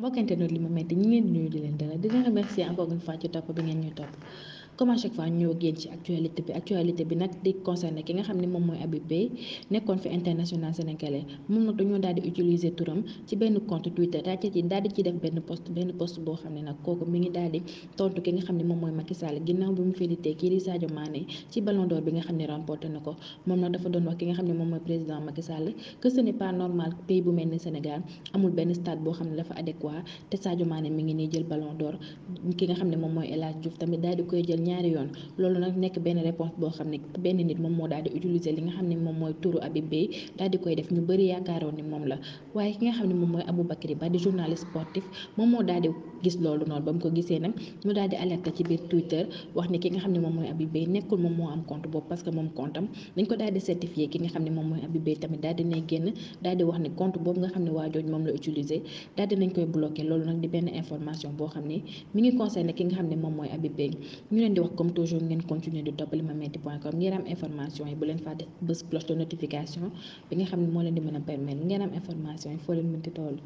mbokkante noonu li mu ñi ngeen di nuyu leen dalal di leen remercier encore une fois ci topp bi ngeen ñuy topp comme à chaque fois ñoo gën ci actualité bi actualité bi nak di concerné ki nga xamni mom moy mooy Habib Beye fi international sénégalais mom nak dañoo daal di utiliser turam ci benn compte Twitter daal ci daal di ci def benn post benn post bo xamni nak koku kooku mi ngi daal di tontu ki nga xamni mom moy Macky Sall ginnaaw bi mu félicité ki di Sadio Mané ci Ballon d'Or bi nga xamni ne remporté na ko moom dafa doon wax ki nga xamni mom moy président Macky Sall que ce n'est pas normal pays bu melni Sénégal amul benn stade bo xamni dafa adéquat té Sadio Mané mi ngi nii jël Ballon d'Or ki nga xamni mom moy mooy El Hadj Diouf tamit daal di koy jël ñaari yoon loolu nag nekk benn réponse boo xam ne benn nit moom moo daal di utiliser li nga xam ne moom mooy turu Habib Beye daal di koy def ñu bëri yaakaaroon ni moom la waaye ki nga xam ne moom mooy Aboubacry Ba di journaliste loolu noonu ko gisee nag mu daal di ci biir Twitter wax ki nga xam ne moom mooy Habib Beye moom moo am compte boobu parce que moom compte am dañ ko daal di certifié ne moom mooy Habib Beye tamit daal nay génn daal wax ni compte boobu nga xam ne waa jooju moom la utiliser daal di nañ koy bloqué loolu nag di benn information boo xam ne mi ngi concerné ki nga xam ne moom mooy Habib Beye ñu leen di wax comme toujours ngeen continuer di ma limametti point com ngeen am information yi bu leen fàtte bés cloche de notification bi nga xam ne moo leen di mën a permettre ngeen am information yi foo leen mënti toll